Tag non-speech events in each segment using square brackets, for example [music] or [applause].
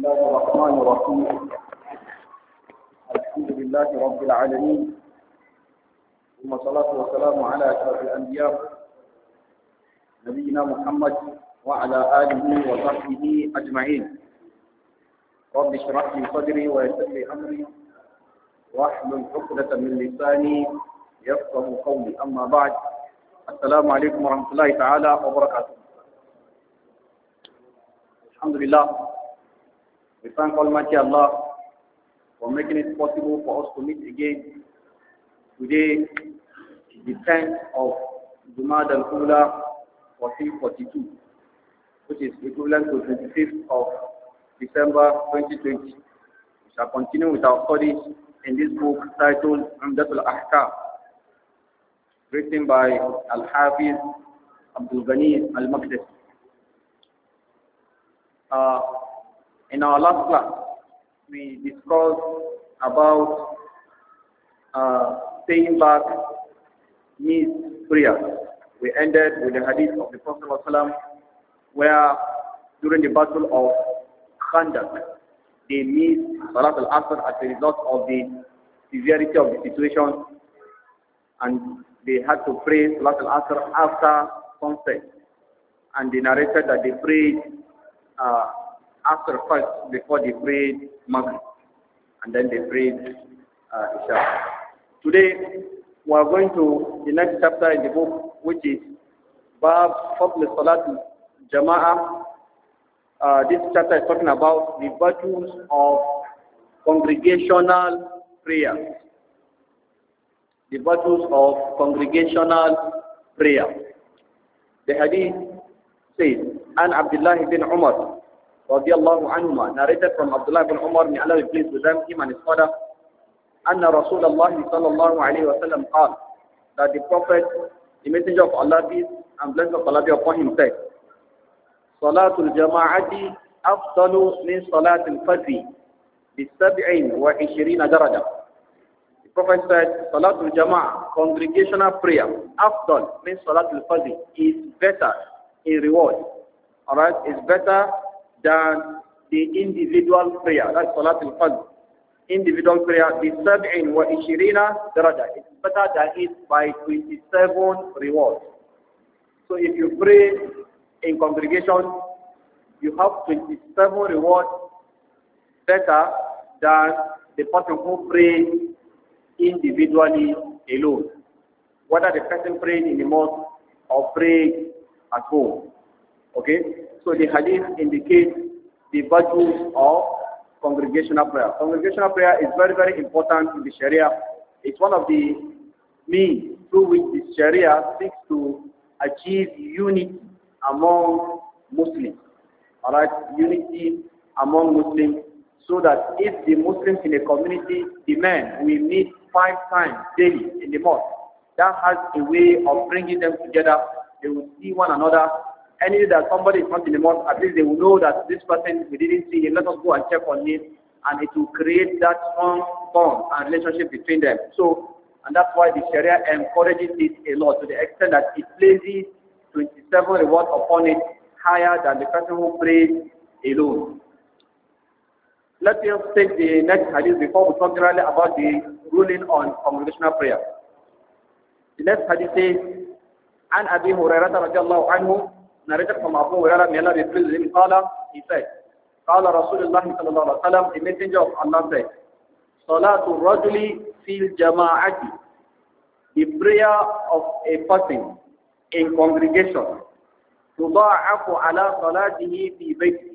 الله الرحمن الرحيم الحمد لله رب العالمين ثم صلاة وسلام على أشرف الأنبياء نبينا محمد وعلى آله وصحبه أجمعين رب اشرح لي صدري ويسر لي أمري واحلل عقدة من لساني يفقه قولي أما بعد السلام عليكم ورحمة الله تعالى وبركاته الحمد لله We thank Almighty Allah for making it possible for us to meet again today, the 10th of Jumad al-Ula 1442, which is equivalent to 25th of December 2020. We shall continue with our studies in this book titled Umdat al-Ahkam, written by Al-Hafiz Abdul Ghani al-Maqdisi. Uh, in our last class, we discussed about uh, staying back needs prayer. We ended with the hadith of the Prophet ﷺ where during the battle of Khandaq, they missed Salat al-Asr as a result of the severity of the situation and they had to pray Salat al-Asr after sunset. And they narrated that they prayed uh, after first before they prayed Maghrib and then they prayed uh, Isha. Today we are going to the next chapter in the book which is Bab Fadl Salat Jama'ah. Uh, this chapter is talking about the virtues of congregational prayer. The virtues of congregational prayer. The hadith says, An Abdullah bin Umar radiallahu anhuma, narrated from Abdullah ibn Umar, may Allah be pleased with them, him and his father, anna Rasulullah sallallahu alayhi wa sallam وسلم that the Prophet, the Messenger of Allah peace and blessings of Allah be upon him said, صلاة الجماعة أفضل من صلاة الفجر wa وعشرين درجة. The Prophet said, Salatul jama'ah, congregational prayer, أفضل من صلاة الفجر is better in reward. Alright, is better than the individual prayer. That's Salat al-Fajr. Individual prayer, the seven wa ishirina daraja. It's better than it by 27 rewards. So if you pray in congregation, you have 27 rewards better than the person who prays individually alone. Whether the person pray in the mosque or pray at home. Okay? So the hadith indicates the virtues of congregational prayer. Congregational prayer is very, very important in the Sharia. It's one of the means through which the Sharia seeks to achieve unity among Muslims. Alright, unity among Muslims so that if the Muslims in a community demand we meet five times daily in the mosque, that has a way of bringing them together. They will see one another any that somebody is not in the mosque, at least they will know that this person we didn't see him. Let us go and check on him, and it will create that strong bond and relationship between them. So, and that's why the Sharia encourages this a lot to the extent that it places 27 rewards upon it higher than the person who prays alone. Let us take the next hadith before we talk generally about the ruling on congregational prayer. The next hadith says, عن أبي هريرة رضي الله عنه narrated from Abu Hurairah, may Allah be pleased with him, he said, قال رسول الله صلى الله عليه the messenger of Allah said, صلاة الرجل في الجماعة, the prayer of a person in congregation, تضاعف ala صلاته في بيته,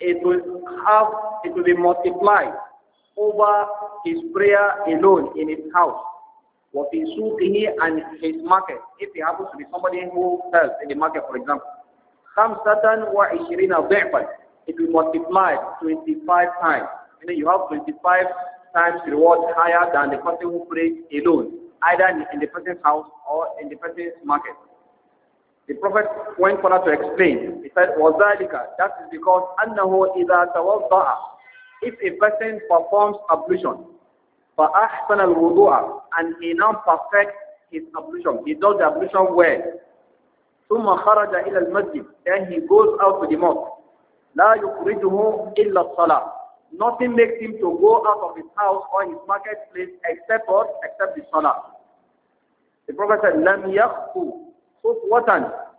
it will have, it will be multiplied over his prayer alone in his house. وَفِي here and his market. If he happens to be somebody who sells in the market, for example. خَمْسَةً وَعِشْرِينَ ضِعْفًا It will multiply 25 times. You know, you have 25 times reward higher than the person who prays alone, either in the person's house or in the person's market. The Prophet went further to explain. He said, وَذَلِكَ That is because أَنَّهُ إِذَا تَوَضَّعَ If a person performs ablution, فَأَحْسَنَ الْوُضُوءَ And he now perfects his ablution. He does the ablution well. ثُمَّ خَرَجَ إِلَى الْمَسْجِدِ Then he goes out to the mosque. لَا يُخْرِجُهُ إِلَّا الصَّلَاةِ Nothing makes him to go out of his house or his marketplace except what? except the salah. The Prophet said, لَمْ يَخْفُ خُفْوَةً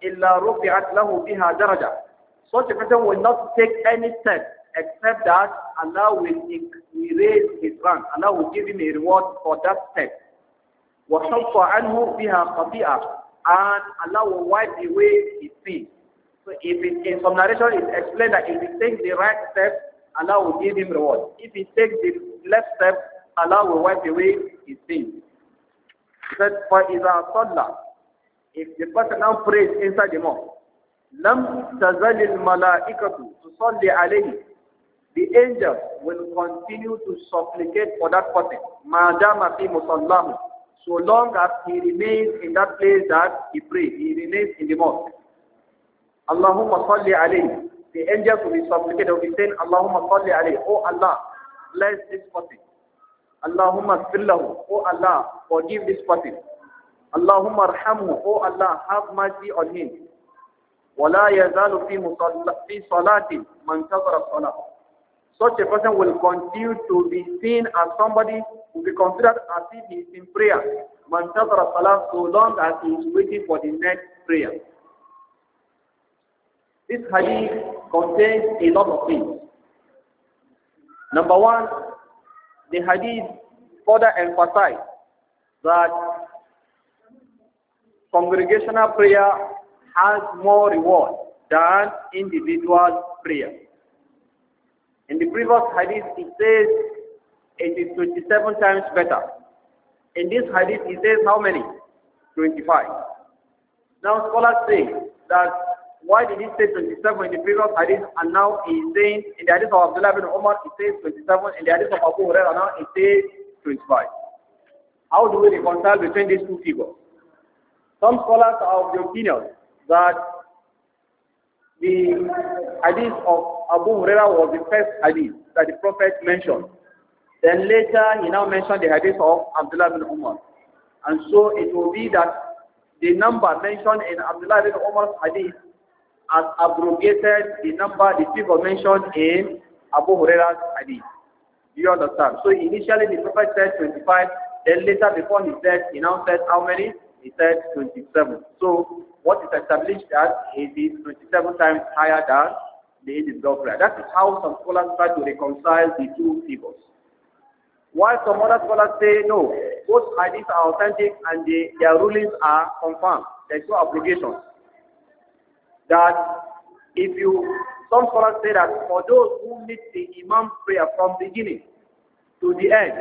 إِلَّا رُفِعَتْ لَهُ بِهَا دَرَجَةً Such a person will not take any step except that Allah will erase his rank. Allah will give him a reward for that step. وَحَفَّ عَنْهُ بِهَا خَطِئَةً And Allah will wipe away his sin. So if it, in some narration it explained that if he takes the right step, Allah will give him reward. If he takes the left step, Allah will wipe away his sin. He said, فَإِذَا صَلَّى If the person now prays inside the mosque, لم تزل الملائكة تصلي عليه the angel will continue to supplicate for that person. Madama fi musallahu. So long as he remains in that place that he prays, he remains in the mosque. Allahumma salli alayhi. The angels will be supplicated, will be saying, Allahumma salli alayhi. Oh Allah, bless this person. Allahumma sallahu. Oh Allah, forgive this person. Allahumma arhamu. Oh Allah, have mercy on him. ولا يزال في صلاة من كبر الصلاة such a person will continue to be seen as somebody who be considered as if he is in prayer. Man salam so long as he is waiting for the next prayer. This hadith contains a lot of things. Number one, the hadith further emphasizes that congregational prayer has more reward than individual prayer. In the previous hadith, it says it is 27 times better. In this hadith, it says how many? 25. Now, scholars say that why did he say 27 in the previous hadith and now is saying in the hadith of Abdullah bin Umar, it says 27, in the hadith of Abu Hurairah now he says 25. How do we reconcile between these two figures? Some scholars are of the opinion that the hadith of Abu Hurairah was the first hadith that the Prophet mentioned. Then later he now mentioned the hadith of Abdullah bin Umar. And so it will be that the number mentioned in Abdullah bin Umar's hadith has abrogated the number the people mentioned in Abu Hurairah's hadith. Do you understand? So initially the Prophet said 25, then later before he said, he now said how many? He said 27. So what is established that it is 27 times higher than the Egypt prayer. That is how some scholars try to reconcile the two figures. While some other scholars say no, both hadiths are authentic and they, their rulings are confirmed. There is no obligation. That if you, some scholars say that for those who meet the Imam prayer from beginning to the end,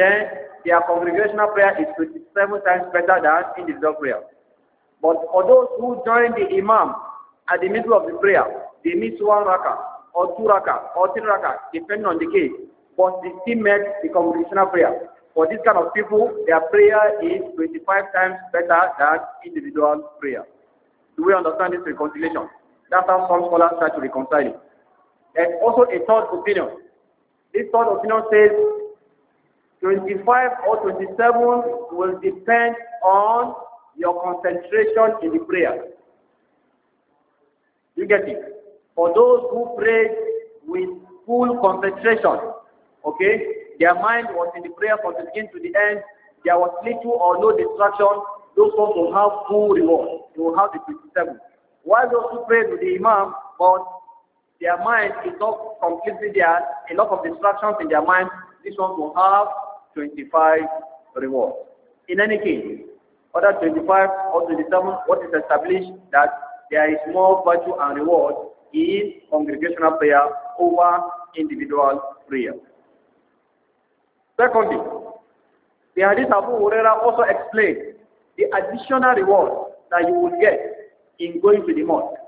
then their congregational prayer is 27 times better than individual prayer. But for those who join the imam at the middle of the prayer, they miss one raka, or two raka, or three raka, depending on the case. But they still make the congregational prayer. For this kind of people, their prayer is 25 times better than individual prayer. Do we understand this reconciliation? That's how some scholars try to reconcile it. There's also a third opinion. This third opinion says 25 or 27 will depend on your concentration in the prayer. You get it? For those who prayed with full concentration, okay, their mind was in the prayer from the beginning to the end, there was little or no distraction, those ones will have full reward. They will have the 27. While those who pray with the Imam, but their mind is not completely there, a lot of distractions in their mind, these ones will have 25 reward. In any case, other 25 or 27, what is established that there is more virtue and reward in congregational prayer over individual prayer. Secondly, the Hadith Abu Huraira also explained the additional reward that you will get in going to the mosque,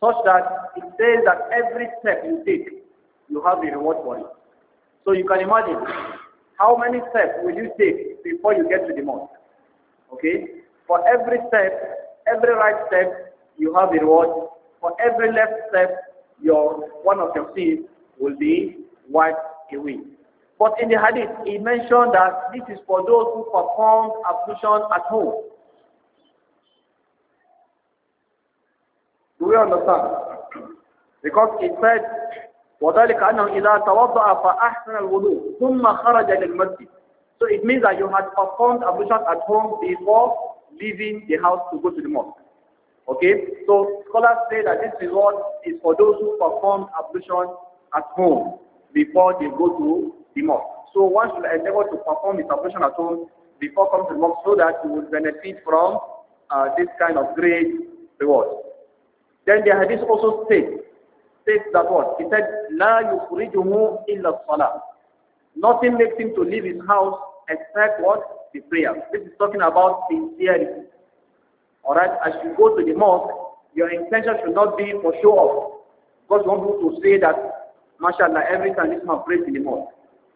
such that it says that every step you take, you have the reward for it. So you can imagine how many steps will you take before you get to the mosque. Okay? For every step, every right step, you have a reward. For every left step, your one of your sins will be wiped away. But in the hadith, he mentioned that this is for those who perform ablution at home. Do we understand? Because it said, وَذَلِكَ أَنَّهُ إِذَا تَوَضَّأَ فَأَحْسَنَ الْوُضُوءِ ثُمَّ خَرَجَ لِلْمَسْجِدِ so it means that you had performed ablution at home before leaving the house to go to the mosque. Okay? So scholars say that this reward is for those who performed ablution at home before they go to the mosque. So one should endeavor to perform his ablution at home before coming to the mosque so that he would benefit from uh, this kind of great reward. Then the hadith also states, states that what? He said, move in the salah. Nothing makes him to leave his house except what? The prayer. This is talking about sincerity. Alright, as you go to the mosque, your intention should not be for show off. God wants you to say that, mashallah, every time this man prays in the mosque.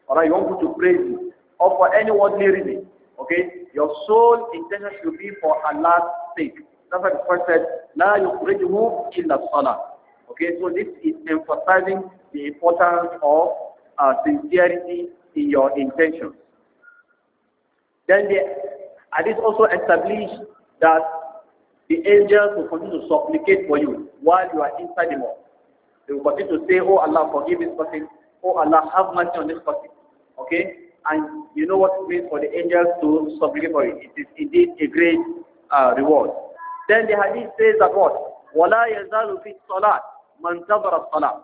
Alright, you want you to praise him. Or for any worldly reason. Okay? Your sole intention should be for Allah's sake. That's why the Prophet said, La in illa salah. Okay, so this is emphasizing the importance of uh, sincerity in your intentions. Then the hadith also established that the angels will continue to supplicate for you while you are inside the mosque. They will continue to say, Oh Allah, forgive this person. Oh Allah, have mercy on this person. Okay? And you know what it means for the angels to supplicate for you. It is indeed a great uh, reward. Then the hadith says that what? وَلَا يَزَالُ فِي الصَّلَاةِ مَنْ تَبَرَ الصَّلَاةِ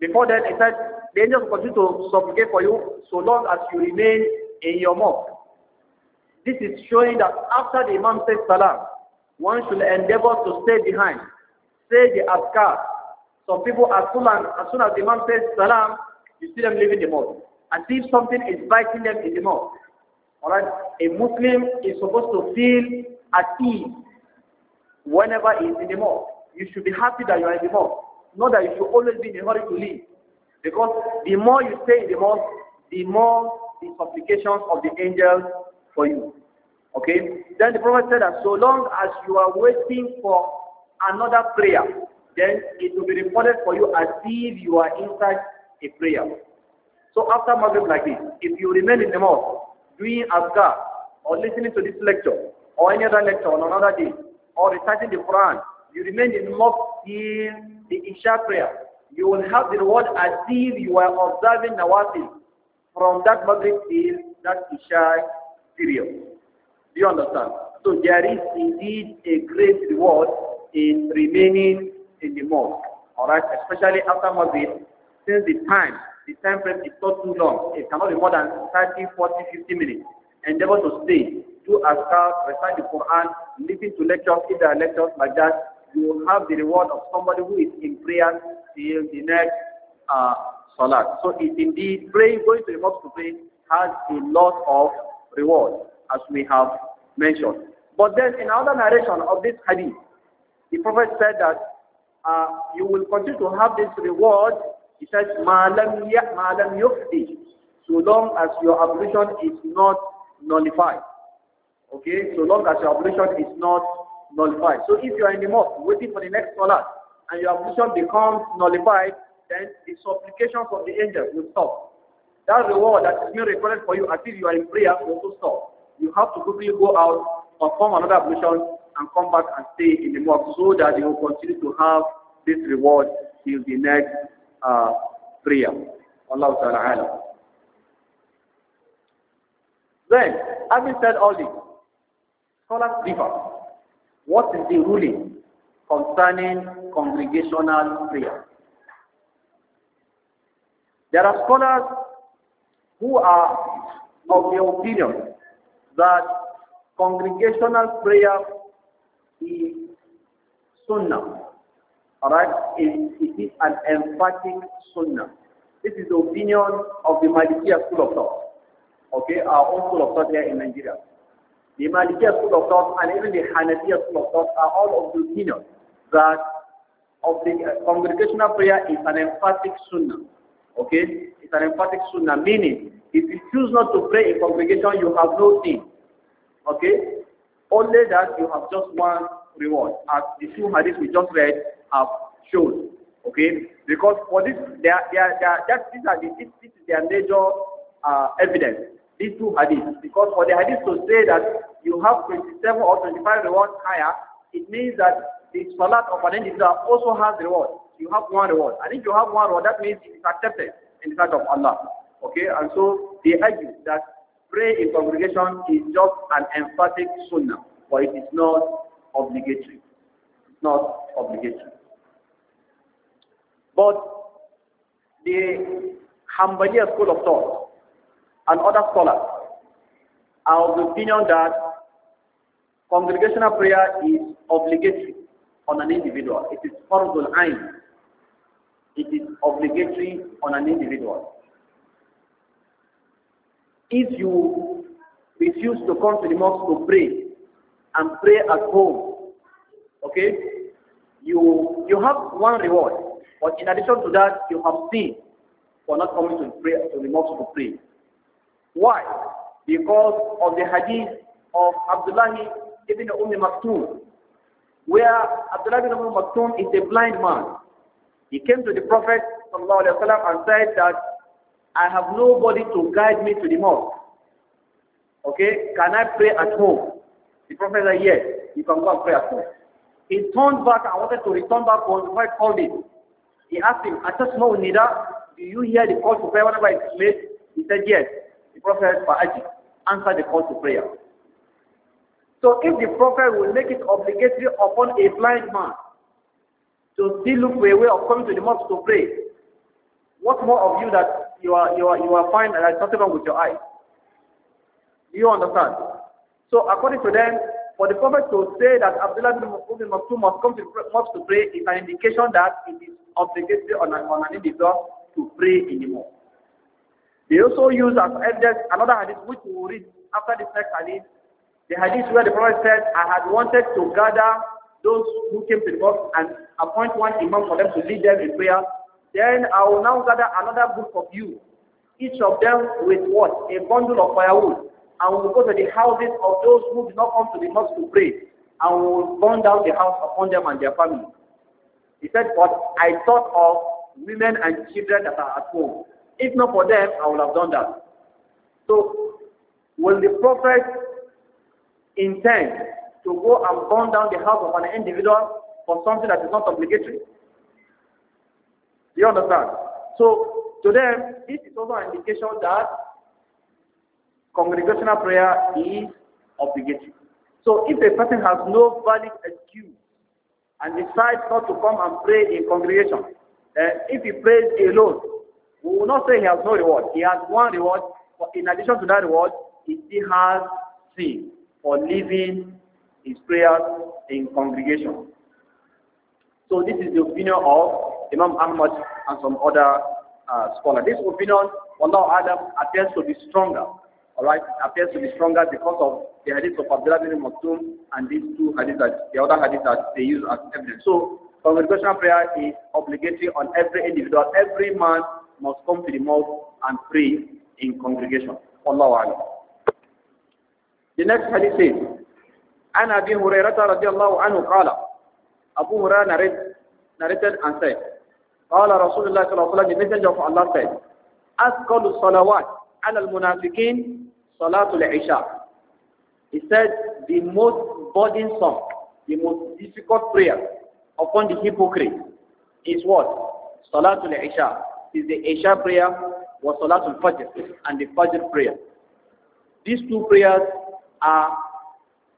Before that, it said, the angels continue to supplicate for you so long as you remain in your mouth. This is showing that after the Imam says salam, one should endeavor to stay behind, say the adhkar. Some people, as soon as, as soon as the Imam says salam, you see them leaving the mosque. As if something is biting them in the mouth. Alright? A Muslim is supposed to feel at ease whenever he's in the mosque. You should be happy that you are in the mosque. Not that you should always be in a hurry to leave. Because the more you stay in the mosque, the more the supplications of the angels for you. Okay? Then the Prophet said that so long as you are waiting for another prayer, then it will be reported for you as if you are inside a prayer. So after Maghrib like this, if you remain in the mosque doing Azkar or listening to this lecture or any other lecture on another day or reciting the Quran, you remain in the mosque in the Isha prayer. You will have the reward as if you are observing Nawafil from that Maghrib till that Isha period. Do you understand? So there is indeed a great reward in remaining in the mosque. Alright, especially after Maghrib, since the time, the time frame is not too long. It cannot be more than 30, 40, 50 minutes. Endeavor to stay, do askar, recite the Quran, listen to lectures, if there are lectures like that, you will have the reward of somebody who is in prayer till the next uh, salat. So it indeed praying, going to the mosque to pray has a lot of reward, as we have mentioned. But then in another narration of this hadith, the Prophet said that uh, you will continue to have this reward. He says, Ma'lam ma yufdi, so long as your ablution is not nullified. Okay, so long as your ablution is not nullified. So if you are in the mosque waiting for the next salat and your ablution becomes nullified, then the supplication from the angels will stop. That reward that is being recorded for you until you are in prayer will also stop. You have to quickly go out, perform another ablution, and come back and stay in the mosque so that you will continue to have this reward till the next uh, prayer. Allah Ta'ala. Then, having said all this, scholars differ. What is the ruling concerning congregational prayer? There are scholars who are of the opinion that congregational prayer is sunnah. Alright? It, it is an emphatic sunnah. This is the opinion of the Malikiya school of thought. Okay, our own school of thought here in Nigeria. The Malikiya school of thought and even the Hanafiya school of thought are all of the opinion that of the uh, congregational prayer is an emphatic sunnah. Okay? It's an emphatic sunnah, meaning if you choose not to pray in congregation, you have no sin. Okay? Only that you have just one reward, as the two hadiths we just read have shown. Okay? Because for this, they are, they are, they are, that, these are the, this, this is their major uh, evidence, these two hadiths. Because for the hadith to say that you have 27 or 25 rewards higher, it means that the salat of an individual also has reward you have one reward. I think you have one reward. That means it's accepted in the sight of Allah. Okay, and so they argue that prayer in congregation is just an emphatic sunnah, but it is not obligatory. It's not obligatory. But the Hanbaliya school of thought and other scholars are of the opinion that congregational prayer is obligatory on an individual. It is fardul ain it is obligatory on an individual. If you refuse to come to the mosque to pray and pray at home, okay, you you have one reward, but in addition to that, you have sin for not coming to pray to the mosque to pray. Why? Because of the hadith of Abdullah ibn Umm Maktoum, where Abdullah ibn Umm Maktoum is a blind man he came to the Prophet وسلم, and said that, I have nobody to guide me to the mosque. Okay, can I pray at home? The Prophet said, yes, you can go and pray at home. He turned back and wanted to return back when the Prophet called him. He asked him, Atasma Nida, do you hear the call to prayer whenever it's made? He said, yes. The Prophet Fa'aji answer the call to prayer. So if the Prophet will make it obligatory upon a blind man so still look for a way of coming to the mosque to pray. What more of you that you are you are you are fine and I nothing wrong with your eyes? Do you understand? So according to them, for the Prophet to say that Abdullah bin Mas'ud must come to mosque to pray is an indication that it is obligatory on an, on an individual to pray anymore. They also use as evidence another hadith which we will read after this next hadith, the hadith where the Prophet said, I had wanted to gather those who came to the mosque and appoint one imam for them to lead them in prayer. Then I will now gather another group of you, each of them with what? A bundle of firewood. And we will go to the houses of those who did not come to the mosque to pray. And we will burn down the house upon them and their family. He said, but I thought of women and children that are at home. If not for them, I would have done that. So, will the prophet intend to go and burn down the house of an individual for something that is not obligatory. You understand? So to them, this is also an indication that congregational prayer is obligatory. So if a person has no valid excuse and decides not to come and pray in congregation, uh, if he prays alone, we will not say he has no reward. He has one reward, but in addition to that reward, he still has sin for leaving his prayers in congregation. So this is the opinion of Imam Ahmad and some other uh, scholars. This opinion, Allah Adam, appears to be stronger. All right, appears to be stronger because of the hadith of Abdullah bin Maktoum and these two hadiths, that, the other hadith that they use as evidence. So congregational prayer is obligatory on every individual. Every man must come to the mosque and pray in congregation. Allah Adam. The next hadith says, عن أبي هريرة رضي الله عنه قال أبو هريرة نريد نريد and said, قال رسول الله صلى الله عليه the messenger of Allah said, Asqalu salawat ala al-munafiqin He said, the most burdensome, the most difficult prayer upon the hypocrite is what? Salatul isha. Is the isha prayer was salatul fajr and the fajr prayer. These two prayers are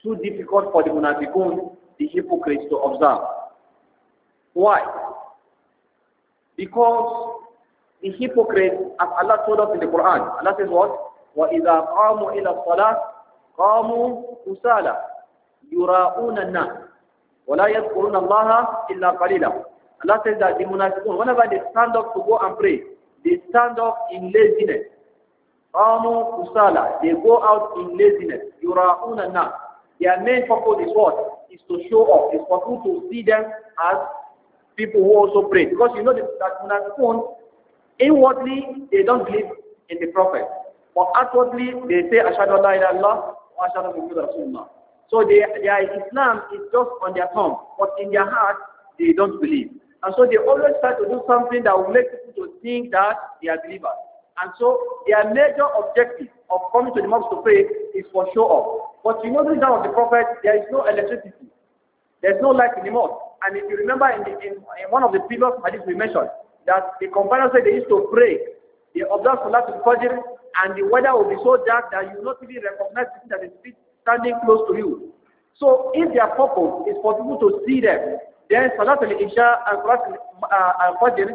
too difficult for the munafiqun, the hypocrites, to observe. Why? Because the hypocrites, as Allah told us in the Quran, Allah says what? وَإِذَا قَامُوا إِلَى الصَّلَاةِ قَامُوا كُسَالَى يُرَاءُونَ النَّاسِ وَلَا يَذْكُرُونَ اللَّهَ إِلَّا قَلِيلًا Allah says that the munafiqun, whenever they stand up to go and pray, they stand up in laziness. قَامُوا كُسَالَى They go out in laziness. يُرَاءُونَ النَّاسِ their main purpose is what? Is to show off. It's for people to see them as people who also pray. Because you know that Munafiqun, inwardly, they don't believe in the Prophet. But outwardly, they say, Ashadu Allah ila Allah, wa Ashadu Muhammad Rasulullah. So they, their Islam is just on their tongue, but in their heart, they don't believe. And so they always try to do something that will make people to think that they are believers. And so their major objective of coming to the mosque to pray is for show off. But you know, during the time of the Prophet, there is no electricity. There's no light in the mosque. And if you remember in, the, in, in one of the previous hadiths we mentioned, that the companions said they used to pray. They observed Salat al-Fajr and the weather will be so dark that you will not even recognize the that is standing close to you. So if their purpose is for people to see them, then Salat al-Isha and Salat uh, al-Fajr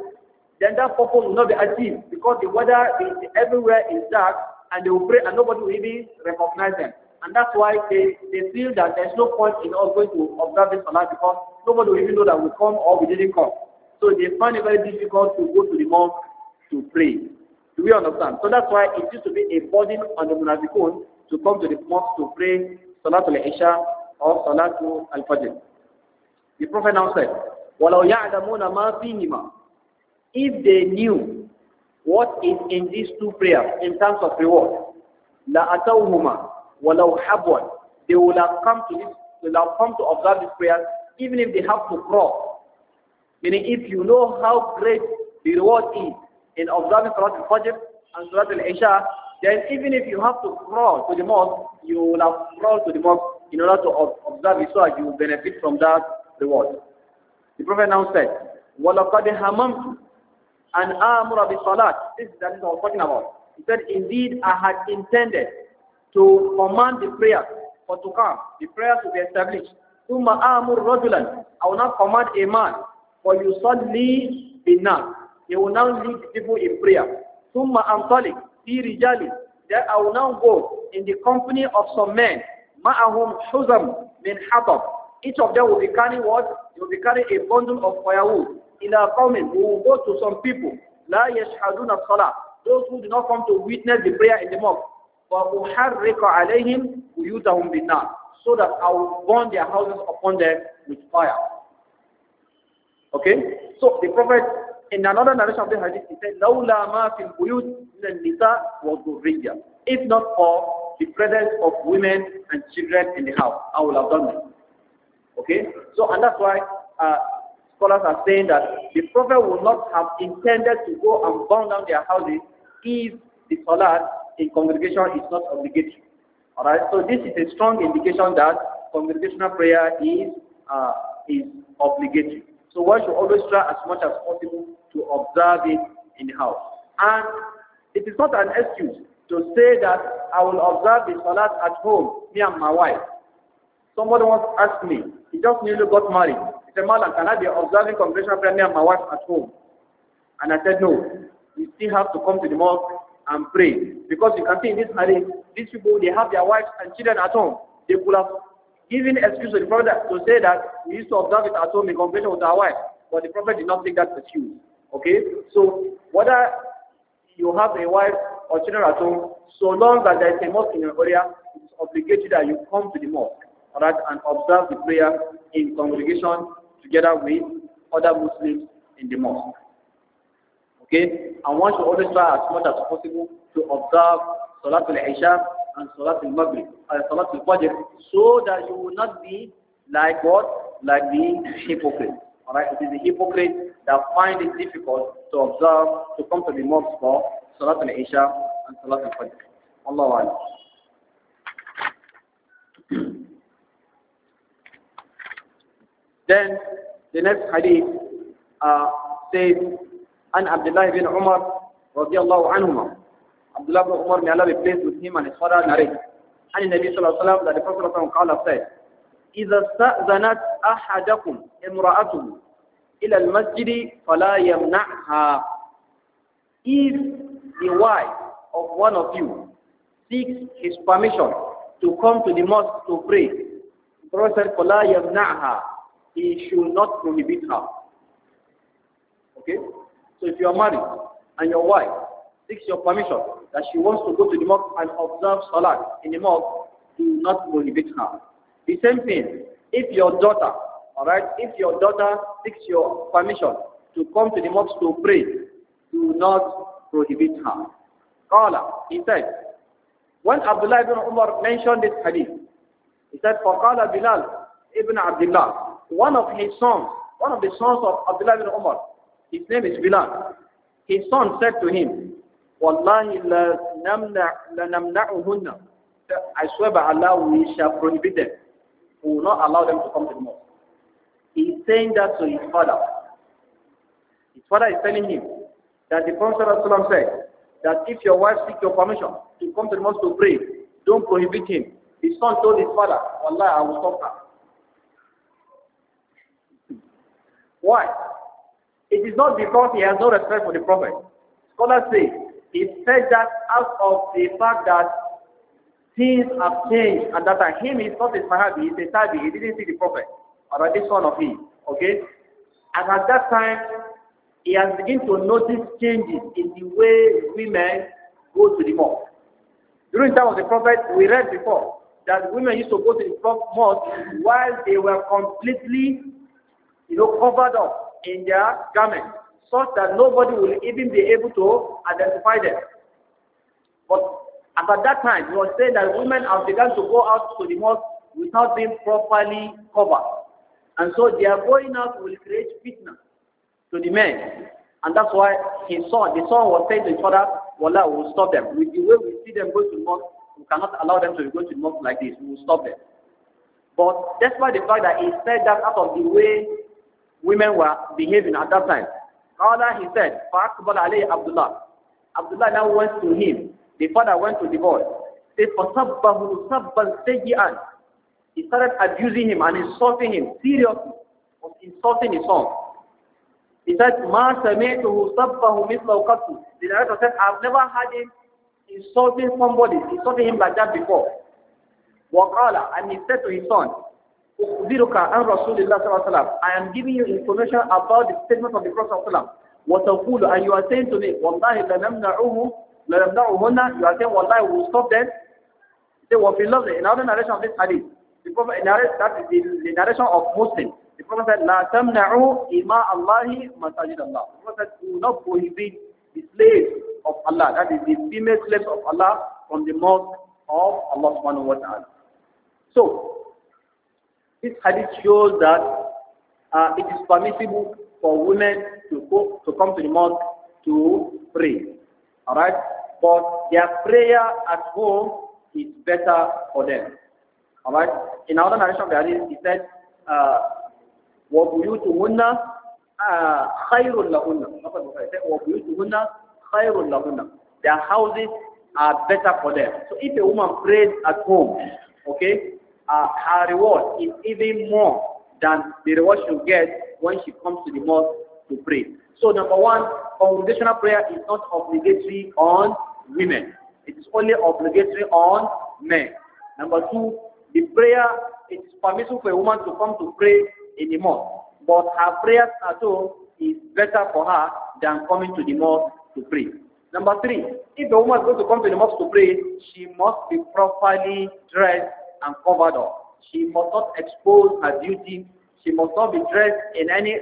then that purpose will not be achieved because the weather is everywhere is dark and they will pray and nobody will even recognize them. And that's why they, they feel that there's no point in us going to observe this salah because nobody will even know that we come or we didn't come. So they find it very difficult to go to the mosque to pray. Do we understand? So that's why it used to be a burden on the munafiqun to come to the mosque to pray Salatul Isha or Salatul Al-Fajr. The Prophet now said, وَلَوْ يَعْلَمُونَ مَا فِيهِمَا if they knew what is in these two prayers in terms of reward, la لَأَتَوْهُمَا walau حَبْوًا They will have come to this, will have come to observe these prayers even if they have to crawl. Meaning if you know how great the reward is in observing Salat al-Fajr and Salat al-Isha, then even if you have to crawl to the mosque, you will have crawled to the mosque in order to observe it so that you benefit from that reward. The Prophet now said, وَلَقَدْ هَمَمْتُ and amura bi salat. This is what I was talking about. He said, indeed, I had intended to command the prayer for to come, the prayer to be established. Thumma amur rajulan. I will not command a man for you suddenly be now. He will now lead people in prayer. Thumma antalik fi rijali. Then I will now go in the company of some men. Ma'ahum shuzam min hatab. Each of them will be carrying what? He will be carrying a bundle of firewood ila qawmin, we will go to some people, لا يشهدون الصلاة those who do not come to witness the prayer in the mosque, فَأُحَرِّقَ عَلَيْهِمْ بُيُوتَهُمْ بِالنَّارِ So that I will burn their houses upon them with fire. Okay? So the Prophet, in another narration of the hadith, he said, لَوْلَا مَا فِي الْبُيُوتِ مِنَ النِّسَاء وَالذُّرِّيَّةِ If not for the presence of women and children in the house, I will have done it. Okay? So, and that's why uh, scholars are saying that the Prophet would not have intended to go and burn down their houses if the salah in congregation is not obligatory. Alright, so this is a strong indication that congregational prayer is, uh, is obligatory. So one should always try as much as possible to observe it in the house. And it is not an excuse to say that I will observe the salat at home, me and my wife. Somebody once asked me, he just newly got married said, can I be observing congregational prayer near my wife at home? And I said, no, you still have to come to the mosque and pray. Because you can see in this hadith, these people, they have their wives and children at home. They could have given excuse to the Prophet to say that we used to observe it at home in conversation with our wife. But the Prophet did not take that excuse. Okay? So, whether you have a wife or children at home, so long as there is a mosque in your area, it's obligatory that you come to the mosque, and observe the prayer in congregation together with other Muslims in the mosque. Okay? And one should always try as much as possible to observe al Isha and al Maghrib, and uh, al Fajr, so that you will not be like what? Like the hypocrite. Alright? It is the hypocrite that find it difficult to observe, to come to the mosque for al Isha and al Fajr. Allah Allah. Then the next hadith uh, says, An Abdullah ibn Umar radiallahu anhuma. Abdullah ibn Umar, may Allah be pleased with him and his father narrated. And the Nabi sallallahu alayhi wa sallam, that the Prophet sallallahu said, إذا استأذنت أحدكم إلى المسجد فلا يمنعها. If the wife of one of you seeks his permission to come to the mosque to pray, the Prophet said, فلا يمنعها he should not prohibit her. Okay? So if you are married and your wife seeks your permission that she wants to go to the mosque and observe salah in the mosque, do not prohibit her. The same thing, if your daughter, alright, if your daughter seeks your permission to come to the mosque to pray, do not prohibit her. Qala, he said, when Abdullah ibn Umar mentioned this hadith, he said, فَقَالَ بِلَالِ ibn Abdullah, one of his sons, one of the sons of Abdullah bin Umar, his name is Bilal. His son said to him, Wallahi lanamna'uhunna. I swear by Allah, we shall prohibit them. We will not allow them to come to the mosque. He's saying that to his father. His father is telling him that the Prophet said that if your wife seeks your permission to come to the mosque to pray, don't prohibit him. His son told his father, Wallahi, I will stop her. Why? It is not because he has no respect for the Prophet. Scholars say, he said that out of the fact that things have changed and that him is not a Sahabi, he's a he didn't see the Prophet, or this one of him, okay? And at that time, he has begun to notice changes in the way women go to the mosque. During the time of the Prophet, we read before that women used to go to the mosque while they were completely you know, covered up in their garments, such that nobody will even be able to identify them. But at that time, he was saying that women have begun to go out to the mosque without being properly covered. And so their going out will create fitness to the men. And that's why his son, the son was saying to his father, Wallah, we will stop them. With the way we see them going to the mosque, we cannot allow them to go to the mosque like this. We will stop them. But that's why the fact that he said that out of the way women were behaving at that time. Qala, he said, فَأَقْبَلَ عَلَيْهِ Abdullah. Abdullah now went to him. The father went to the boy. He said, He started abusing him and insulting him seriously. Was insulting his son. He said, مَا سَمِعْتُهُ سَبَّهُ مِثْلَ وَقَتُ The director said, I've never had him insulting somebody, insulting him like that before. وَقَالَ And he said to his son, أخبرك عن رسول الله صلى الله عليه وسلم I am giving you information about the statement of the Prophet صلى الله عليه وسلم وتقول and you are saying to me والله لنمنعه لنمنعهن you are saying والله we will stop them they will be lovely in other narration of this hadith the Prophet narrates that is the, the narration of Muslim the Prophet said لا تمنعوا إماء الله مساجد الله the Prophet said do not prohibit the slaves of Allah that is the female slaves of Allah from the mosque of Allah subhanahu wa ta'ala so this hadith shows that uh, it is permissible for women to, go, to come to the mosque to pray. Alright? But their prayer at home is better for them. Alright? In another narration of the hadith, he said, وَبُيُوتُهُنَّ خَيْرٌ لَهُنَّ وَبُيُوتُهُنَّ خَيْرٌ لَهُنَّ Their houses are better for them. So if a woman prays at home, okay, uh, her reward is even more than the reward she'll get when she comes to the mosque to pray. So number one, congregational prayer is not obligatory on women. It is only obligatory on men. Number two, the prayer is permissible for a woman to come to pray in the mosque. But her prayers at home is better for her than coming to the mosque to pray. Number three, if the woman is going to come to the mosque to pray, she must be properly dressed and covered up. She must not expose her beauty. She must not be dressed in any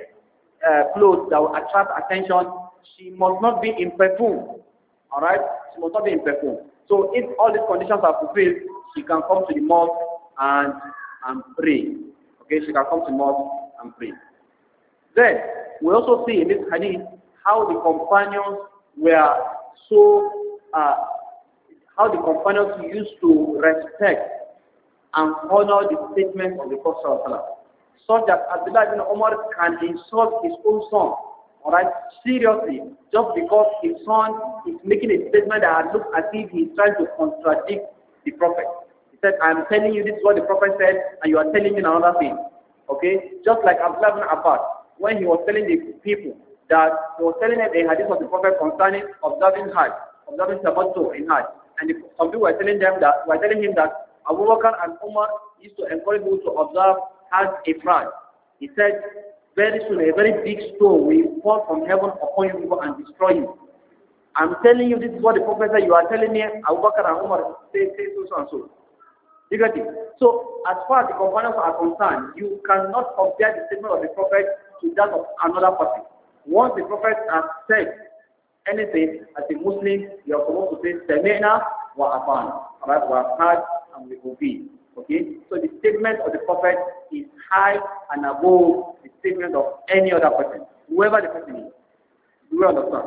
uh, clothes that will attract attention. She must not be in perfume. All right? She must not be in perfume. So if all these conditions are fulfilled, she can come to the mosque and, and pray. Okay, she can come to mosque and pray. Then, we also see in this hadith how the companions were so, uh, how the companions used to respect and honor the statement of the Prophet such that Abdullah ibn Umar can insult his own son, alright, seriously, just because his son is making a statement that looks as if he is trying to contradict the Prophet. He said, I'm telling you this is what the Prophet said, and you are telling me another thing. Okay? Just like Abdullah ibn Abbas, when he was telling the people that he was telling them a hadith of the Prophet concerning observing Hajj, observing Sabbath in Hajj. And if some people were telling them that were telling him that Abu Bakr and Umar used to encourage me to observe as a prize. He said, very soon a very big stone will fall from heaven upon you people and destroy you. I'm telling you, this is what the prophet said. You are telling me Abu Bakr and Umar say, say so, so and so. You get it? So, as far as the companions are concerned, you cannot compare the statement of the prophet to that of another person. Once the prophet has said anything, as a Muslim, you are supposed to say, Semena wa Afan. Alright, we have heard and we Okay? So the statement of the prophet is high and above the statement of any other person, whoever the person is. Do the understand?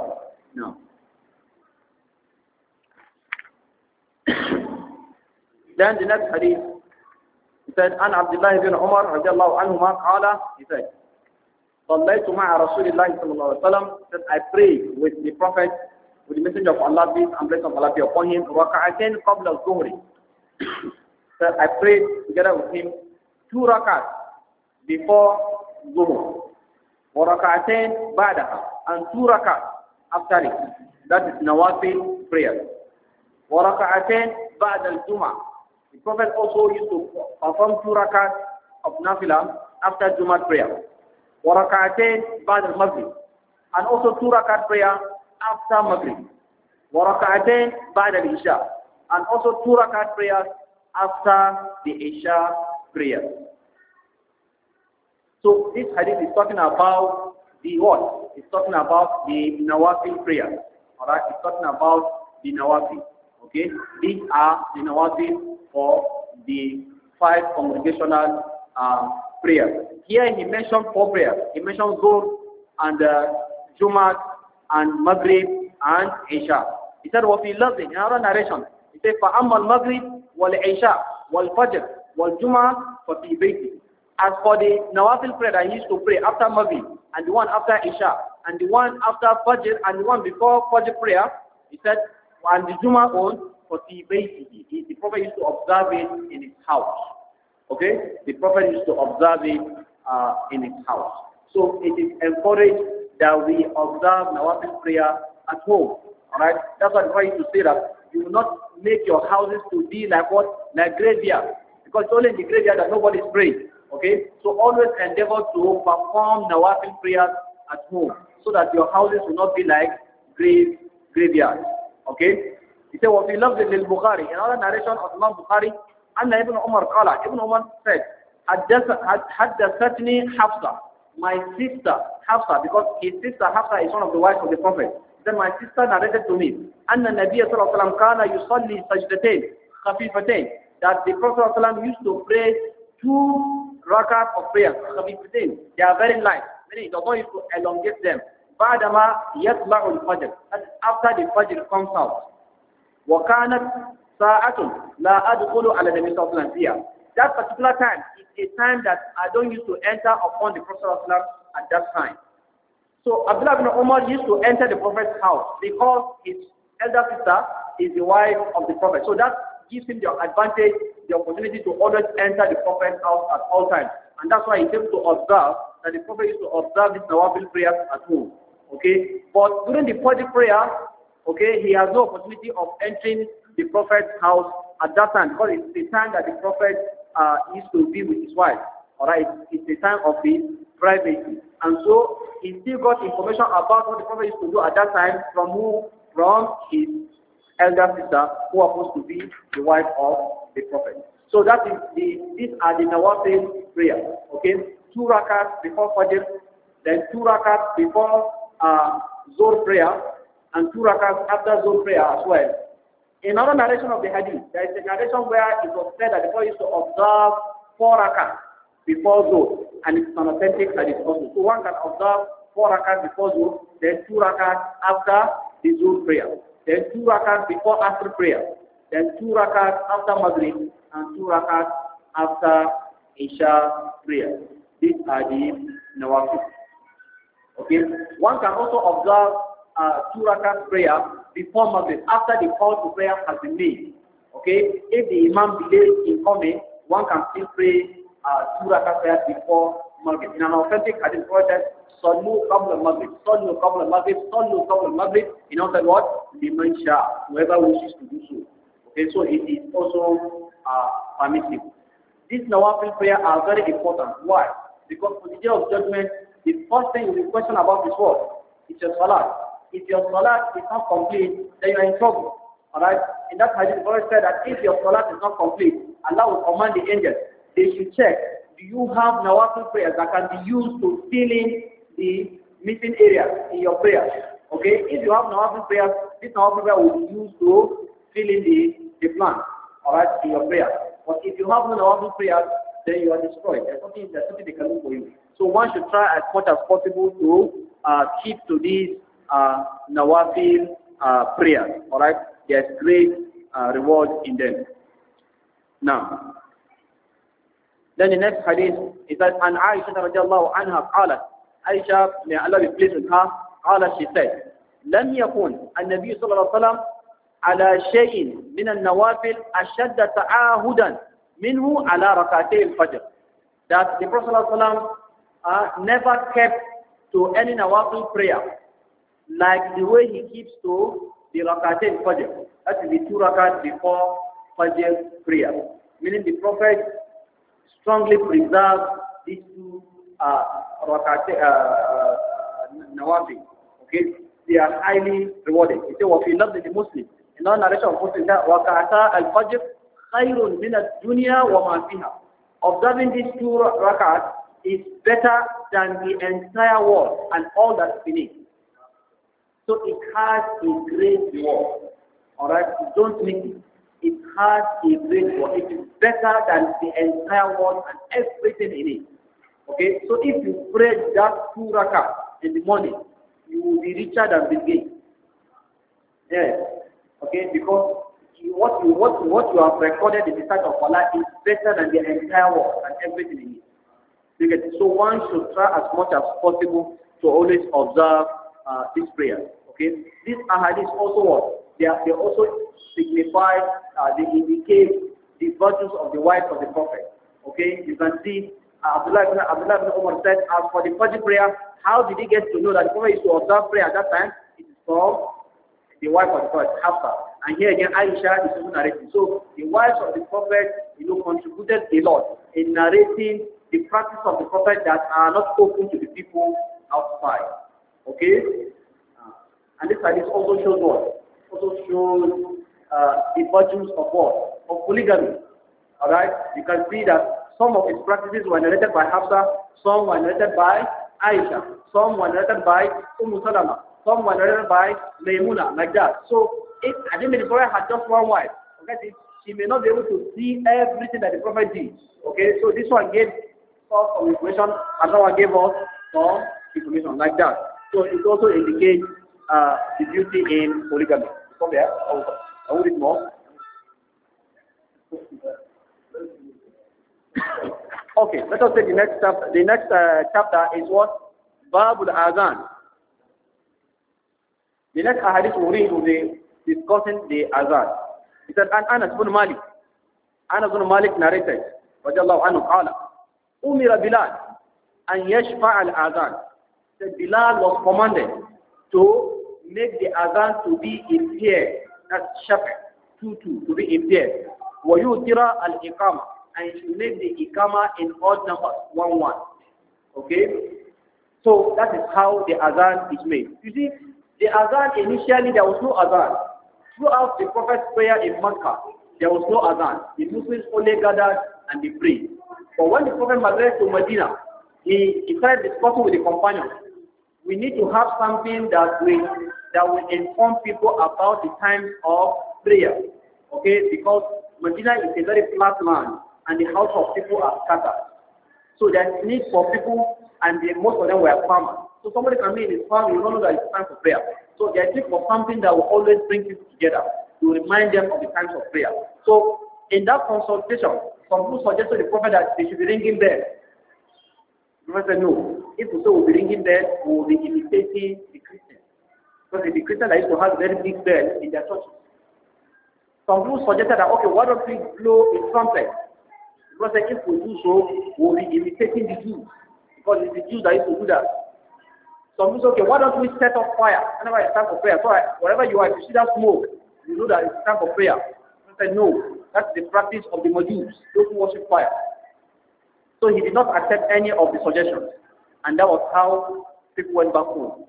No. [coughs] then the next hadith, he said, عن Abdullah الله بن عمر رضي الله he said, صليت مع رسول الله صلى الله عليه وسلم, I prayed with the Prophet, with the Messenger of Allah, peace and blessing of Allah be upon him, ركعتين قبل الظهر, that I prayed together with him two rakat before Zuhur. Warakatain ba'daha and two rakat after it. That is Nawafil prayer. Warakatain ba'da al-Jum'ah. The Prophet also used to perform two rakat of Nafila after Jum'ah prayer. Warakatain ba'da al-Maghrib. And also two rakat prayer after Maghrib. Warakatain ba'da al-Isha and also two rakat prayers after the Isha prayer. So this hadith is talking about the what? It's talking about the Nawawi prayer. Alright, it's talking about the Nawafil. Okay, these are the Nawafil for the five congregational uh, prayers. Here he mentioned four prayers. He mentioned Zuhr and uh, Jumat and Maghrib and Isha. He said, وَفِي لَفْظٍ In another narration, wal said, Wal-Fajr, Wal-Juma وَالْجُمْعَةِ فَفِي بَيْتِهِ As for the Nawafil prayer that he used to pray after Maghrib, and the one after Isha, and the one after Fajr, and the one before Fajr prayer, he said, and the Juma on, فَفِي بَيْتِهِ The Prophet used to observe it in his house. Okay? The Prophet used to observe it uh, in his house. So it is encouraged that we observe Nawafil prayer at home. Alright? That's why I try to say that you will not make your houses to be like what? Like graveyard. Because it's only in the graveyard that nobody is praying. Okay? So always endeavor to perform nawafil prayers at home so that your houses will not be like grave graveyards. Okay? He said, وفي لفظ للبخاري in another narration of Imam Bukhari and ابن Umar قال had عمر said حدثتني حفصة my sister Hafsa because his sister Hafsa is one of the wives of the Prophet then my sister narrated to me, أن النبي صلى الله عليه وسلم كان يصلي سجدتين خفيفتين that the Prophet صلى الله عليه وسلم used to pray two rakat of prayer خفيفتين they are very light meaning he does not used to elongate them بعدما يطلع الفجر that is after the fajr comes out وكانت ساعة لا أدخل على النبي صلى الله عليه وسلم فيها that particular time is a time that I don't used to enter upon the Prophet at that time so Abdullah ibn Umar used to enter the Prophet's house because his elder sister is the wife of the Prophet. So that gives him the advantage, the opportunity to always enter the Prophet's house at all times. And that's why he came to observe that the Prophet used to observe this Nawafil prayer at home. Okay? But during the Fajr prayer, okay, he has no opportunity of entering the Prophet's house at that time because it's the time that the Prophet uh, used to be with his wife. Alright? It's the time of the privately. And so he still got information about what the Prophet used to do at that time from who? From his elder sister, who happens to be the wife of the Prophet. So that is the these are the Nawafil prayer. Okay, two rakats before Fajr, then two rakats before uh, prayer, and two rakats after Zor prayer as well. In another narration of the hadith, there is a narration where it was said that the Prophet used to observe four rakats before Zuhr, and it's an authentic hadith also. So one can observe four rakat before Zuhr, then two rakat after the prayer, then two rakat before after prayer, then two rakat after Maghrib, and two rakat after Isha prayer. These are the nawafil. Okay, one can also observe uh, two rakat prayer before Maghrib, after the call to prayer has been made. Okay, if the Imam delays in coming, one can still pray uh, Surah Kafir before Maghrib. In an authentic hadith project, Sallu Qabla Maghrib, Sallu Qabla Maghrib, Sallu Qabla Maghrib, in other words, Liman Shah, whoever wishes to do so. Okay, so it is also uh, ah, permissible. These Nawafil prayer are very important. Why? Because for the day of judgment, the first thing you will question about is what? It's your salah. If your salah is not complete, then you are in trouble. Alright? In that hadith, the Prophet said that if your salah is not complete, Allah will command the angels they should check, do you have nawafil prayers that can be used to fill in the missing areas in your prayers? Okay, if you have nawafil prayers, this nawafil prayer will be used to fill in the, the plan, alright, in your prayer. But if you have no nawafil prayers, then you are destroyed. There's something, there's something they can do for you. So one should try as much as possible to uh, keep to these uh, nawafil uh, prayers, alright? There's great uh, reward in them. Now, Then the next hadith is that, and Aisha radiallahu anha قالت, Aisha, may Allah be pleased with her, قالت, she said, لم يكن النبي صلى الله عليه وسلم على شيء من النوافل أشد تعاهدا منه على ركعتي الفجر. That the Prophet صلى الله عليه وسلم uh, never kept to any nawafil prayer like the way he keeps to the rakatain fajr. That is the two rakat before fajr prayer. Meaning the Prophet strongly preserve these two uh, rakate, uh, uh nawafi. Okay, they are highly rewarded. It's He said, وَفِي لَبْدِ muslim. In our narration of Muslim, وَكَعْتَا الْفَجْرِ خَيْرٌ مِنَ الدُّنْيَا وَمَا فِيهَا Observing these two rakat is better than the entire world and all that's beneath. So it has a great reward. Alright, don't miss it. It has a great worth. It is better than the entire world and everything in it. Okay, so if you pray that two rakah in the morning, you will be richer than the king. Yes. Okay, because what you what what you have recorded in the sight of Allah is better than the entire world and everything in it. Okay, so one should try as much as possible to always observe uh, this prayer. Okay, this ahadith also was they, are, they also signify, uh, they indicate the virtues of the wife of the prophet. Okay, you can see uh, Abdullah, ibn, Abdullah ibn Umar said, as for the Fajr prayer, how did he get to know that the prophet used to observe prayer at that time? It is from the wife of the prophet, Hafsa. And here again, Aisha is also narrating. So the wives of the prophet, you know, contributed a lot in narrating the practice of the prophet that are not open to the people outside. Okay? Uh, and this is also shows what? also shows uh, the virtues of what? Of polygamy. Alright? You can see that some of his practices were narrated by Hafsa, some were narrated by Aisha, some were narrated by Umm Salama, some were narrated by Maymuna, like that. So, if Adimitipura had just one wife, okay, she may not be able to see everything that the Prophet did. Okay, so this one gave us some information, another one gave us some information like that. So it also indicates uh, the beauty in polygamy. طبيعة أو أو الموت Okay, let us take the next chapter. The next uh, chapter is what? Bab al-Azan. The next hadith we read will be discussing the Azan. He said, "An Anas bin Malik. Anas bin Malik narrated, رضي الله عنه قال, أمر بلال أن يشفع الأذان. Said Bilal was commanded to make the adhan to be impaired. That's shafa, tutu, to be impaired. al ikama, And you make the ikama in odd numbers, one one. Okay? So that is how the adhan is made. You see, the adhan initially there was no adhan. Throughout the Prophet's prayer in Makkah, there was no adhan. The Muslims only gathered and they prayed. But when the Prophet migrated to Medina, he, he started discussing with the companions. We need to have something that will that will inform people about the times of prayer. Okay, because Medina is a very flat land and the house of people are scattered. So there's need for people and the, most of them were farmers. So somebody can be in his farm, you don't know that it's time for prayer. So there's need for something that will always bring people together to remind them of the times of prayer. So in that consultation, some people suggested the prophet that they should be ringing bells. The prophet said, no. If we say we'll be ringing bells, we'll be imitating the Christians. Because the Christians that used to have very big bells in their church. Some people suggested that, okay, why don't we blow a trumpet? Because if we do so, we'll be imitating the Jews. Because it's the Jews that used to do that. Some people say, okay, why don't we set up fire whenever it's time for prayer? So wherever you are, if you see that smoke, you know that it's time for prayer. I said, no, that's the practice of the Majus, those who worship fire. So he did not accept any of the suggestions. And that was how people went back home.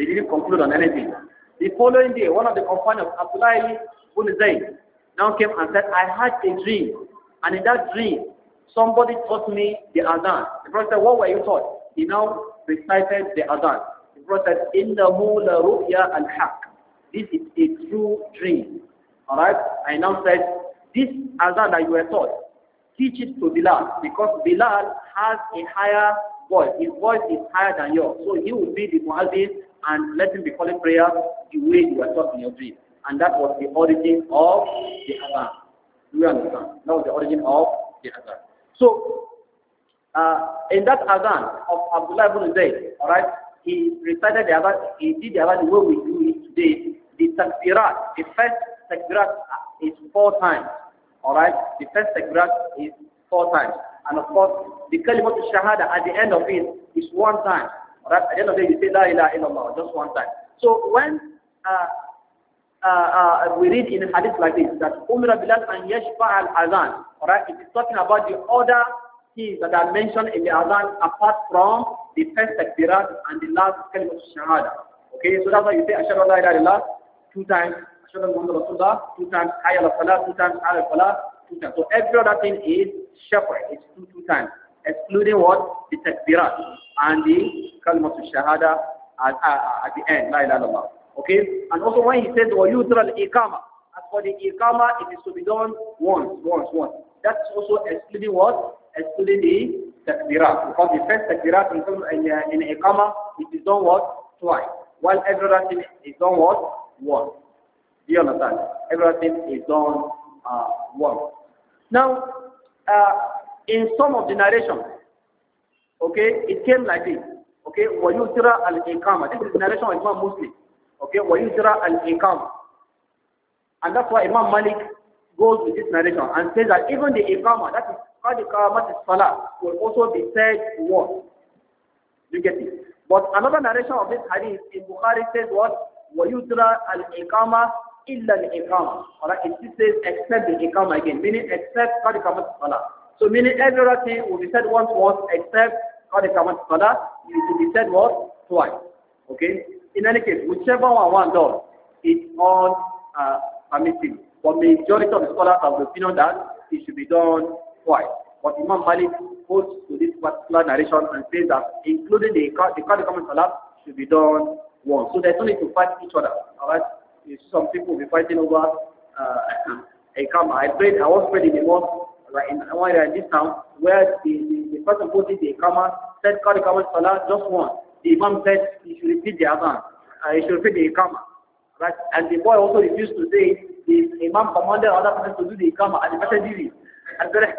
They didn't conclude on anything. The following day, one of the companions, Abdullah ibn Zayd, now came and said, I had a dream. And in that dream, somebody taught me the Adhan. The Prophet said, what were you taught? He now recited the Adhan. The Prophet said, إِنَّهُ لَرُؤْيَا الْحَقِّ This is a true dream. Alright? I now said, this Adhan that you were taught, teach it to Bilal. Because Bilal has a higher voice. His voice is higher than yours. So he will be the Muazzin and let him be calling prayer the way you were taught in your dream. And that was the origin of the Adhan. Do you understand? That was the origin of the Adhan. So, uh, in that Adhan of Abdullah ibn Zayd, alright, he recited the Adhan, he did the Adhan the way we do it today. The Takbirat, the first Takbirat is four times. Alright, the first Takbirat is four times. And of course, the Kalimat Shahada at the end of it is one time. Right? At the end of the day, you say La ilaha illallah just one time. So when uh, uh, uh, we read in a hadith like this that Umar Bilal and Yashfa al Azan, alright, it is talking about the other things that are mentioned in the Azan apart from the first takbirat and the last kalimat shahada. Okay, so that's why you say Ashadu la ilaha illallah two times, Ashadu Muhammad Rasulullah two times, Hayya al Falah two times, Hayya al Falah two times. So every other thing is separate, it's two, two times, excluding what? The takbirat and the kalmat shahada at, uh, uh, at, the end, la ilaha illallah. Okay? And also when he says, وَيُدْرَ الْإِقَامَةِ As for the iqama, it is to be done once, once, once. That's also excluding what? Excluding the takbirat. Because the first takbirat in, in, uh, in iqama, it is done what? Twice. While everything is done what? Once. Do you understand? Everything is done uh, once. Now, uh, in some of the narrations, Okay, it came like this. Okay, وَيُسْرَ الْإِقَامَ. This is narration of Imam Muslim. Okay, وَيُسْرَ الْإِقَامَ. And that's why Imam Malik goes with this narration and says that even the Iqama, that is called is Salah, will also be said what? You get it? But another narration of this hadith in Bukhari says what? وَيُسْرَ الْإِقَامَ إِلَّا الْإِقَامَ. Alright, it says except the Iqama again, meaning except called is Salah. So meaning every other thing will be said once once except not a common salah, it will be said what? Twice. Okay? In any case, whichever one one does, it's all uh, permitted. But majority of the scholars have the opinion that it should be done twice. But Imam Malik quotes to this particular narration and says that including the the common salah should be done once. So there's no need to fight each other. Alright? Some people will be fighting over uh, [coughs] a camera. I prayed, I was praying in the mosque right, in one area this town where the, the, the person posted the Iqamah said, call the Iqamah Salah, just one. The Imam said, you should repeat the Adhan, uh, you should repeat the Iqamah. Right? And the boy also refused to say, the Imam commanded other person to do the Iqamah, and the person did it. And then,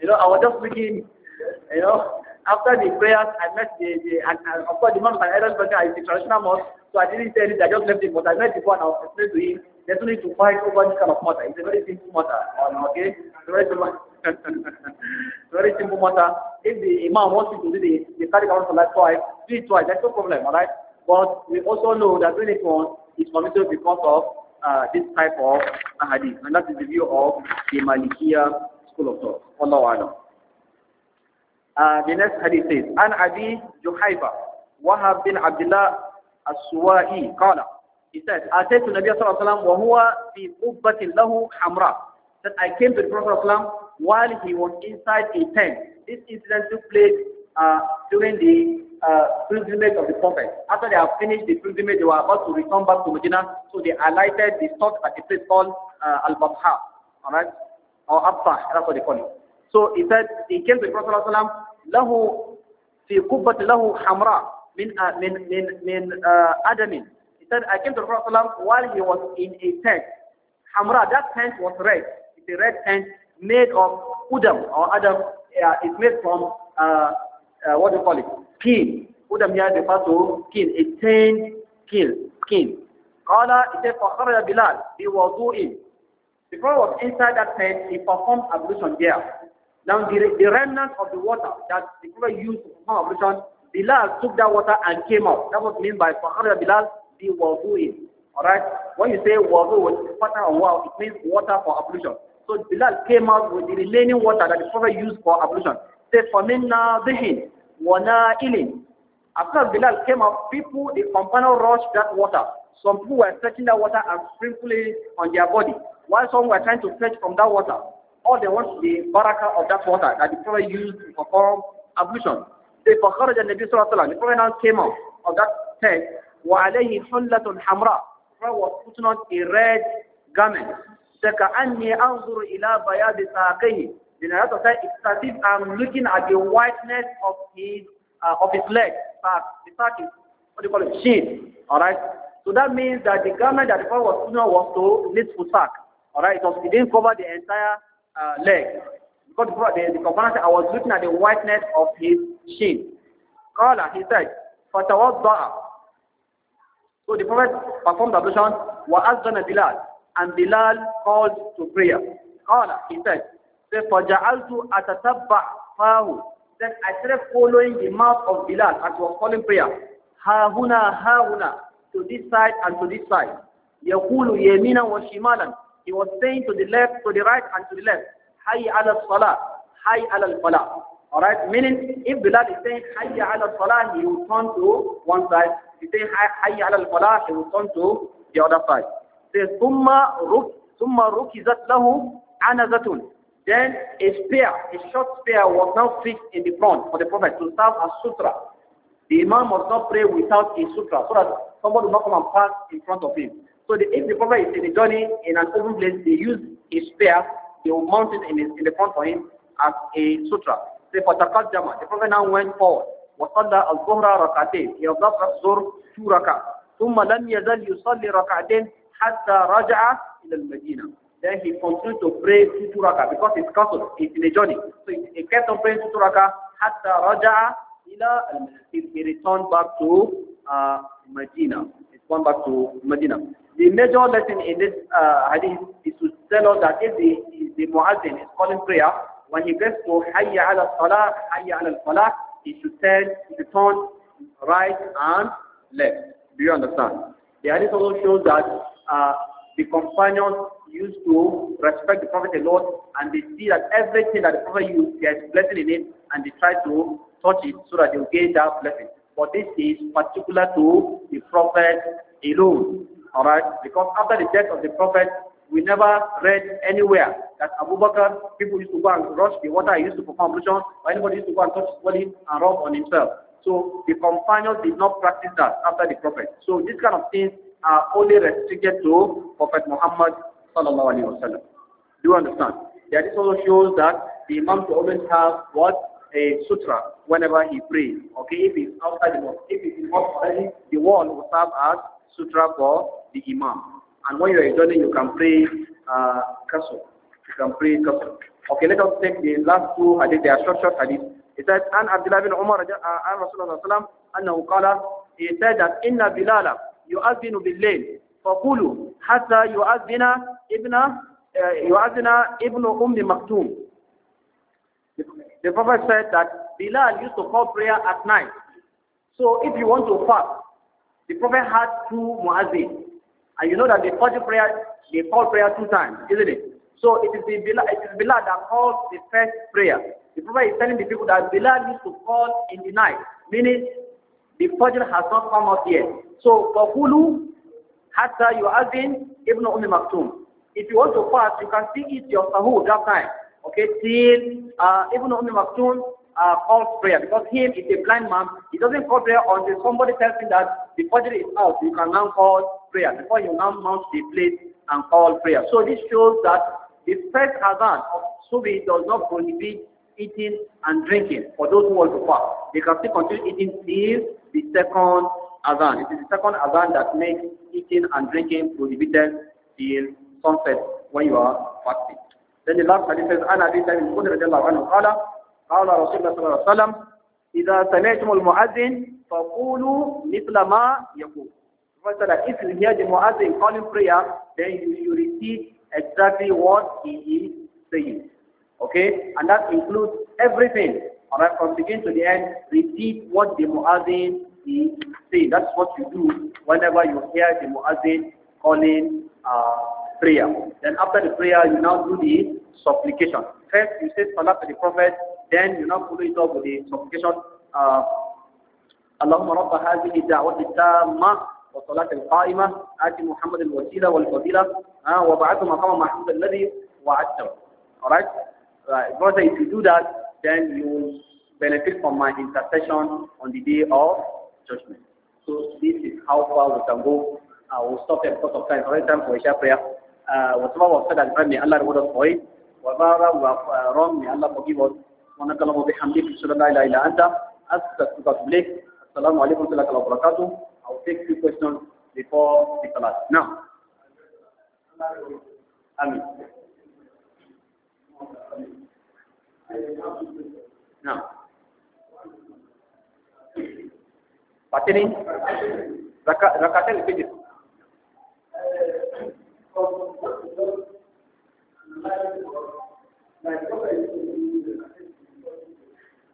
you know, I was just thinking, you know, after the prayers, I met the, the and, and of course the Imam and I Bakr is the traditional mosque, so I didn't tell it, I just left him. But I met before and I was explaining to him, there's no need to fight over this kind of matter. It's a very simple matter. Oh, okay? It's a very simple matter. [laughs] very simple matter. If the imam wants you to do the, the carry count for like twice, do it twice. That's no problem, alright? But we also know that doing it once is permissible because of uh, this type of hadith. And that is the view of the Malikiya school of thought. Allah Alam. Uh, the next hadith says, An Abi Juhaifa, Wahab bin Abdullah as-Suwa'i qala. He said, I said to Nabi sallallahu alaihi wasallam, wa huwa That I came to the Prophet sallallahu while he was inside a tent. This incident took place uh, during the uh, pilgrimage of the Prophet. After they have finished the pilgrimage, they were about to return back to Medina, so they alighted, they stopped at a place called uh, Al-Babha, alright, or Abtah, that's what they call it. So he said, he came to the Prophet ﷺ, له في قبة له حمراء min, uh, uh, Adamin. He said, I came to the Prophet while he was in a tent. Hamra, that tent was red. It's a red tent made of Udam or Adam. Uh, it's made from, uh, uh, what do you call it? Skin. Udam here refers to skin, a tent, skin. skin. Qala, he said, فَخَرَجَ بِلَالٍ بِوَضُوءٍ The Prophet was inside that tent. He performed ablution there. Now, the, the remnant of the water that the Prophet used to perform ablution Bilal took that water and came out. That was meant by Fakhara Bilal the wadu'in. Alright? When you say wadu with or wow, it means water for ablution. So Bilal came out with the remaining water that the Prophet used for ablution. Say, فَمِنَّا wana ilin. After Bilal came out, people, the companion rushed that water. Some people were touching that water and sprinkling on their body, while some were trying to fetch from that water. All they want the barakah of that water that the Prophet used to perform ablution. Say, فَخَرَجَ النَّبِيُّ صَلَّى اللَّهُ عَلَيْهِ The Prophet came out of that tent. وَعَلَيْهِ حُلَّةٌ حَمْرَى The was putting on a red garment. فَكَأَنِّي أَنْظُرُ إِلَى بَيَادِ سَاقِهِ The narrator said, it's as if I'm looking at the whiteness of his, uh, of his leg. Sack. The sack is, what do you call it, sheet. Alright? So that means that the garment that the Prophet was putting on was to this sack. Alright? It, was, it didn't cover the entire uh, leg. God brought the, the companion, I was looking at the whiteness of his shin. Qala, he said, فَتَوَضَّعَ So the Prophet performed the ablution, وَأَذَّنَ Bilal, and Bilal called to prayer. Qala, he said, say فَجَعَلْتُ أَتَتَبَّعْ fahu. Then I started following the mouth of Bilal as he was calling prayer. هَاهُنَا هَاهُنَا To this side and to this side. يَقُولُ يَمِينًا وَشِمَالًا He was saying to the left, to the right, and to the left hayya ala salah, hayya ala falah. Alright, meaning if Bilal is saying hayya ala salah, he will turn to one side. If he says hayya ala falah, he will turn to the other side. Says, thumma ruk, thumma rukizat lahu anazatun. Then a spear, a short spear was now fixed in the front for the Prophet to serve as sutra. The Imam must not pray without a sutra so that somebody will not come and pass in front of him. So the, if the Prophet is in a journey in an open place, they use a spear he will mount it in, his, in the front for him as a sutra. Say, فَتَقَدَّمَ The Prophet now went forward. وَصَلَّى الظُّهْرَ رَكَعَتَيْنِ He observed الظُّهْر two ركعة. ثُمَّ لَمْ يَزَلْ يُصَلِّ رَكَعَتَيْنِ حَتَّى رَجَعَ إِلَى المدينة. Then he continued to pray two, two raka because it's castle It's in a journey. So he, kept on praying two, two raka حَتَّى رَجَعَ إِلَى الْمَدِينَ He returned back to uh, Medina come back to Medina. The major lesson in this uh, hadith is to tell us that if the, the muazzin is calling prayer, when he gets to Hayya ala salah, Hayya ala falah, he should turn, he should turn right and left. Do you understand? The hadith also shows that uh, the companions used to respect the Prophet a lot and they see that everything that the Prophet used, there's blessing in it and they try to touch it so that they'll gain that blessing. For this is particular to the Prophet alone. Alright? Because after the death of the Prophet, we never read anywhere that Abu Bakr, people used to go and rush the water, used to perform ablution, or anybody used to go and touch his body and rub on himself. So the companions did not practice that after the Prophet. So these kind of things are only restricted to Prophet Muhammad Do you understand? Yeah, this also shows that the Imam to always have what a sutra whenever he prays. Okay, if it's outside the mosque, if it's in mosque the wall will serve as sutra for the imam. And when you are journey, you can pray uh, You can pray kasur. Okay, let us take the last two hadith. They are short, short hadith. It says, "An Abdullah bin Umar, uh, an Rasulullah sallam, annahu qala." He said that inna Bilala yu'adhinu bil-layl, faqulu hatta yu'adhina ibna uh, yu'adhina ibnu ummi maktum. The Prophet said that Bilal used to call prayer at night. So if you want to fast, the Prophet had two muazzin. And you know that the Fajr prayer, they call prayer two times, isn't it? So it is, the Bilal, it is Bilal that calls the first prayer. The Prophet is telling the people that Bilal used to call in the night, meaning the Fajr has not come out yet. So, for فَقُولُوا حَتَّى يُعَذِّنْ Ibn Umm Maktoum. If you want to fast, you can still eat your sahur that time okay, till uh, Ibn Umm Maktoum uh, calls prayer. Because him is a blind man, he doesn't call prayer until somebody tells him that the Fajr is out, you can now call prayer. Before you now mount the place and call prayer. So this shows that the first Hazan of Subi does not prohibit eating and drinking for those who are to fast. They can still continue eating till the second Azan. It is the second Azan that makes eating and drinking prohibited till sunset when you are fasting. Then the last says, عن أبي سعيد الخدري رضي الله عنه قال قال رسول الله صلى الله عليه وسلم إذا سمعتم المؤذن فقولوا مثل ما يقول. if you hear the muazzin calling prayer, then you, you repeat exactly what he is saying. Okay? And that includes everything. Alright, from beginning to the end, repeat what the muazzin is saying. That's what you do whenever you hear the muazzin calling uh, prayer. Then after the prayer, you now do the supplication. First, you say salat to the Prophet, then you now follow it up with the supplication. Uh, اللهم رب هذه الدعوة التامة والصلاة القائمة آت محمد الوسيلة والفضيلة uh, وبعثه مقام محمود Wa وعدته. Alright? Right. Brother, if you do that, then you will benefit from my intercession on the day of judgment. So this is how far we can go. I uh, will stop there because of time. Alright, time for a prayer. آه، وسما وفد الفم الله رب الصوي وبارا ورم آه، الله مجيب ونك الله بحمدك صلى الله عليه إلا أنت أستغفرك إليك السلام عليكم ورحمة الله وبركاته I'll take few questions before the class now Amin نعم Patini, Rakatel Pijit.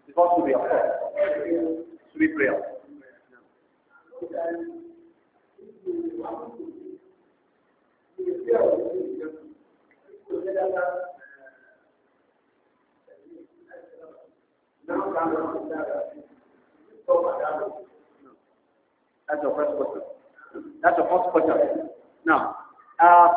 Because to be prayer. That's the first question. That's the first question. Now, uh,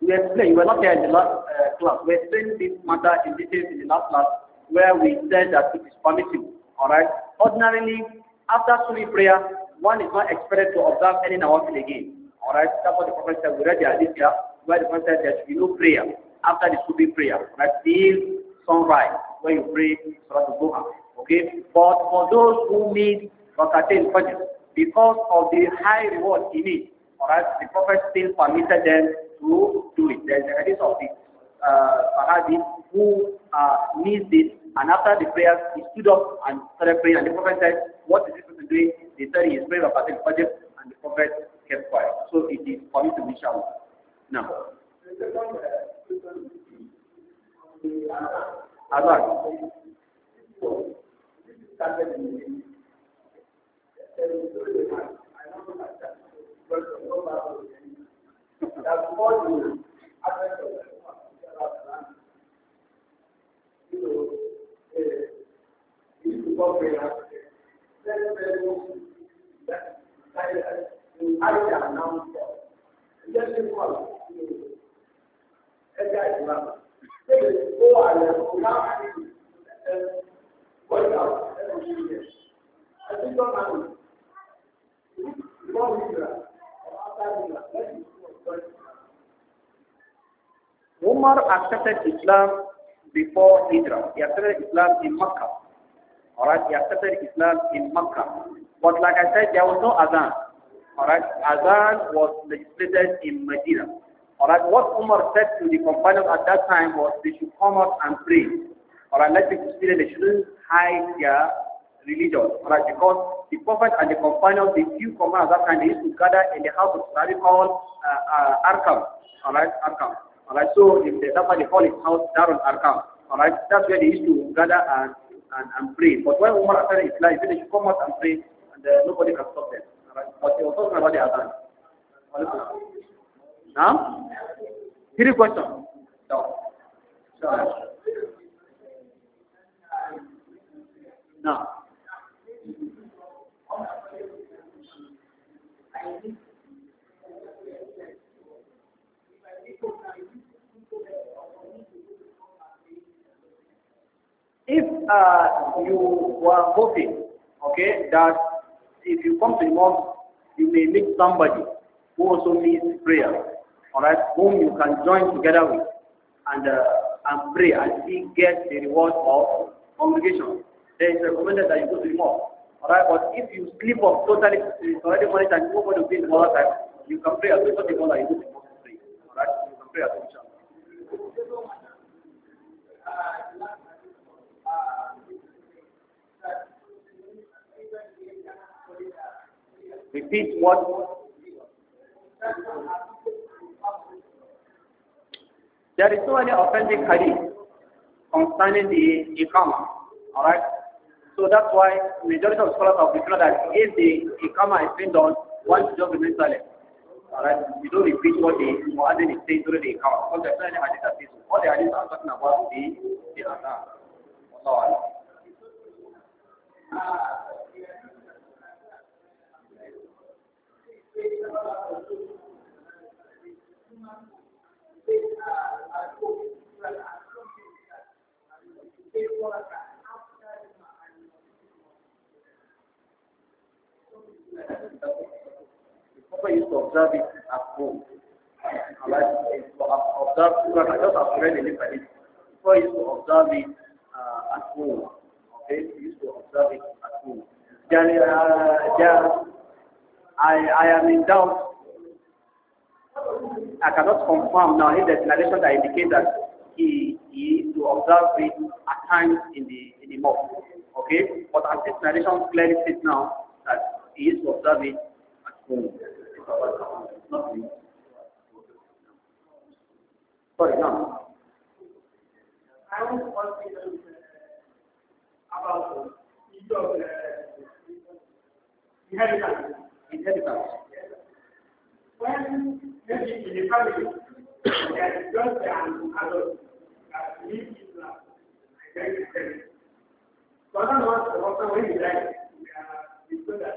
we explained, you were not there in the last uh, class. We explained this matter in detail in the last class where we said that it is permissible. Alright? Ordinarily, after Sunni prayer, one is not expected to observe any nawafil again. Alright? That's what the Prophet said. We read the hadith here where the Prophet said there should be no prayer after the sufi prayer. Right? Till sunrise when you pray Surah al Okay? But for those who need Rakatain Fajr, because of the high reward in it, alright, the Prophet still permitted them to do it. There is a hadith of the uh, Sahabi uh, who uh, needs this, and after the prayer, he stood up and started praying, and the Prophet said, what is this person doing? They said he is praying about the project," and the Prophet kept quiet. So it is for you to be out. Now. Azan. that all the aspects of the you know, uh, you go prayer, then that I am now for. Just in one, you know, a guy is not. They go and now going out every year. I think on that, before we do that, or Umar accepted Islam before Hijrah. He accepted Islam in Mecca. Alright, he accepted Islam in Mecca. But like I said, there was no Azan. Alright, Azan was legislated in Medina. Alright, what Umar said to the companions at that time was they should come out and pray. Alright, let people see they shouldn't hide their religion. Alright, because the Prophet and the companions, the few companions at that time, they used to gather in the house of Sahabi called uh, uh, Arkham. Alright, Arkham. Alright, so if they, that's why they call it house Darul Arkham. Alright, that's where they used to gather and, and, and pray. But when Umar started is he they should come out and pray and uh, nobody can stop them. Alright, but they were talking about the Adhan. Now, three questions. No. No. If uh, you were hoping, okay, that if you come to the mosque, you may meet somebody who also needs prayer, all right, whom you can join together with and uh, and pray and see get the reward of congregation. Then it's recommended that you go to the mosque. Alright, but if you sleep off totally, it's already morning time, nobody will be in the time. You can pray as much as you want, you don't to pray. Alright, you can pray as much as Repeat what? There is no any authentic hadith concerning the Iqamah. Alright? So that's why majority of scholars have declared that if the ikama is being done, one should just remain silent. Alright, you don't repeat what they Muazzin is saying during the account. Because there's not any hadith that says all the hadith are talking about the the Allah. Thank you. People uh, used to observe it at home. Like, so observe, because I just have read a little bit. People used to observe it uh, at home. Okay, used to observe it at home. Then, uh, then I, I am in doubt. I cannot confirm now if the narration that indicates that he, he used to observe it at times in the in the mosque. Okay, but as this narration clearly states now, is observing at home. For example, I want to ask you about the issue of inheritance. Inheritance. When maybe in the family, there is just an adult that lives in the identity. So I don't know what's the problem when you die. We are people that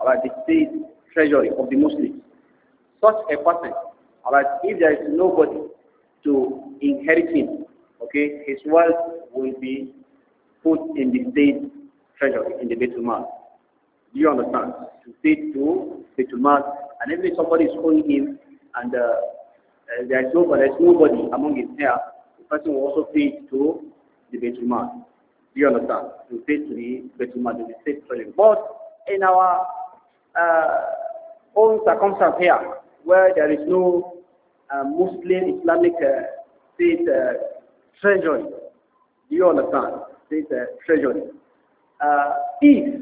about the state treasury of the Muslims. Such a person, Allah, if there is nobody to inherit him, okay, his wealth will be put in the state treasury, in the Baitul Mal. Do you understand? To state to Baitul Mal, and if somebody is calling him, and uh, uh, there is nobody, there is nobody among his heirs, the person will also pay to the Baitul Mal. Do you understand? To pay to the Mal, the state treasury. But in our own circumstance here, where there is no Muslim Islamic state treasury. Do you understand? State treasury. if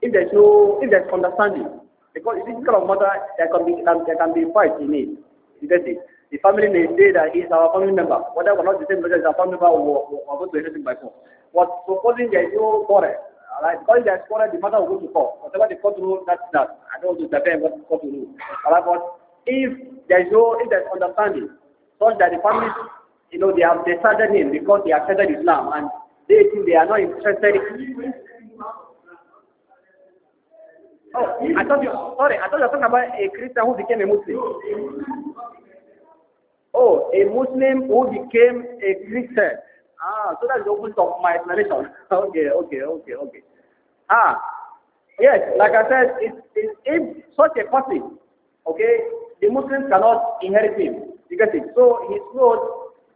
if there's no if there's understanding, because if this kind of matter there can be there can be fight in it. You get it? The family may say that he's our family member, whether we not the same brother is our family member, or are we're going to by force. But supposing there is no quarrel, Alright, because there's quarrel, the matter will go to court. Whatever the court rule, that's that. I don't want to defend what the court rule. Alright, but if there's no, if there's understanding, such that the families, you know, they have decided him because they accepted Islam and they think they are not interested in Oh, I thought you, sorry, I thought you were talking about a Christian who became a Muslim. Oh, a Muslim who became a Christian. Ah, so that's the whole of my explanation. [laughs] okay, okay, okay, okay. Ah, yes, like I said, it, it, if such a person, okay, the Muslims cannot inherit him. because get So his clothes,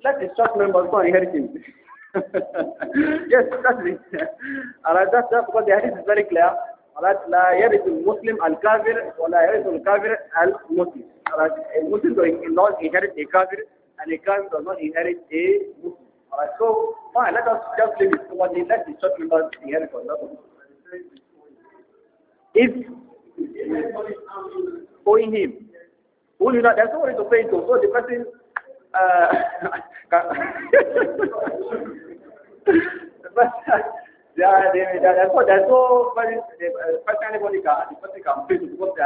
let his church members go inherit him. [laughs] yes, that's it. [laughs] Alright, that's that because the hadith is very clear. Alright, لا يرث المسلم الكافر ولا يرث الكافر المسلم. Alright, a Muslim does not inherit a kafir and a kafir does not inherit a Muslim. Alright, so fine, let us just leave it to one day. Let us talk about the health of love. If owing him, who you know, there's nobody to pay to, so the person uh, but, they are, that's they, there's no, there's no person, the person anybody can, the person can pray to because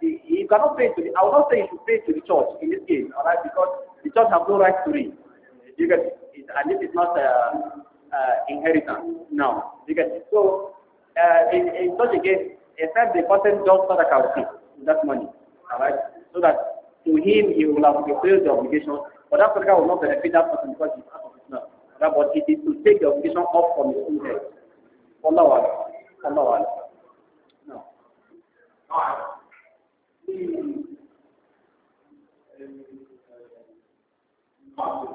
he, cannot pay to I will not say he should pay to the church in this case, alright, because the church have no right to read. You get it? It, and this is not uh, uh, inheritance. No. Because so uh, in, in such a case, except the person does sadaqah with that money. Alright? So that to him he will have fulfilled the obligation, but that person will not benefit that person because he's out of Islam. But it is to take the obligation off from his own head. Allah Allah. Allah Allah. No. Alright. Hmm. Um, uh,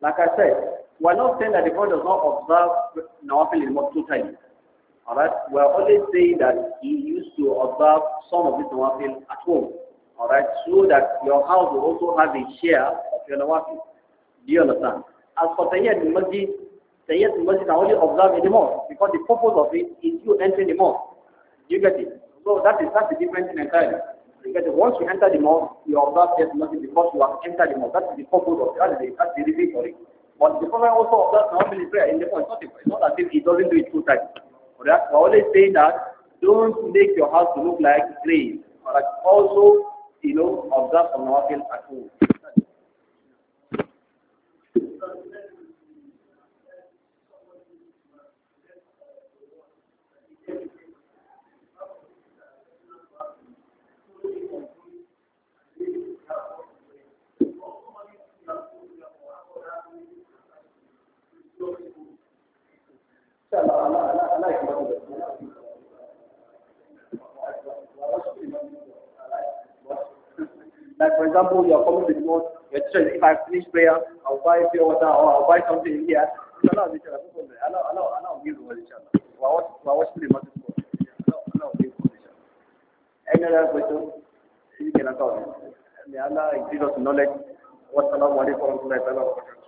Like I said, we're not saying that the God does not observe Nawafil in Maktu time. Alright? We're only saying that he used to observe some of this Nawafil at home. Alright? So that your house will also have a share of your Nawafil. Do you understand? As for Sayyid Masjid, Sayyid Masjid can only observe anymore because the purpose of it is you entering the mosque. You get it? So that is that's the difference in entirely. Because once you enter the mosque, you observe there's nothing because you have entered the mosque. That's the purpose of That's the, that's the reason for it. But the Prophet also observes Nawafil prayer in the mosque. It's, it's not, as if he doesn't do it full time. But that's always saying that don't make your house look like grave. But also, you know, observe some Nawafil at home. Like for example, you are coming to the mosque, you're If I finish prayer, I'll buy pure water or I'll buy something in here. Allah will inshallah. Allah, Allah, Allah will give you inshallah. Wa wash the mosque. Any other question? You can answer. May Allah increase us knowledge. Wassalamu alaikum warahmatullahi wabarakatuh.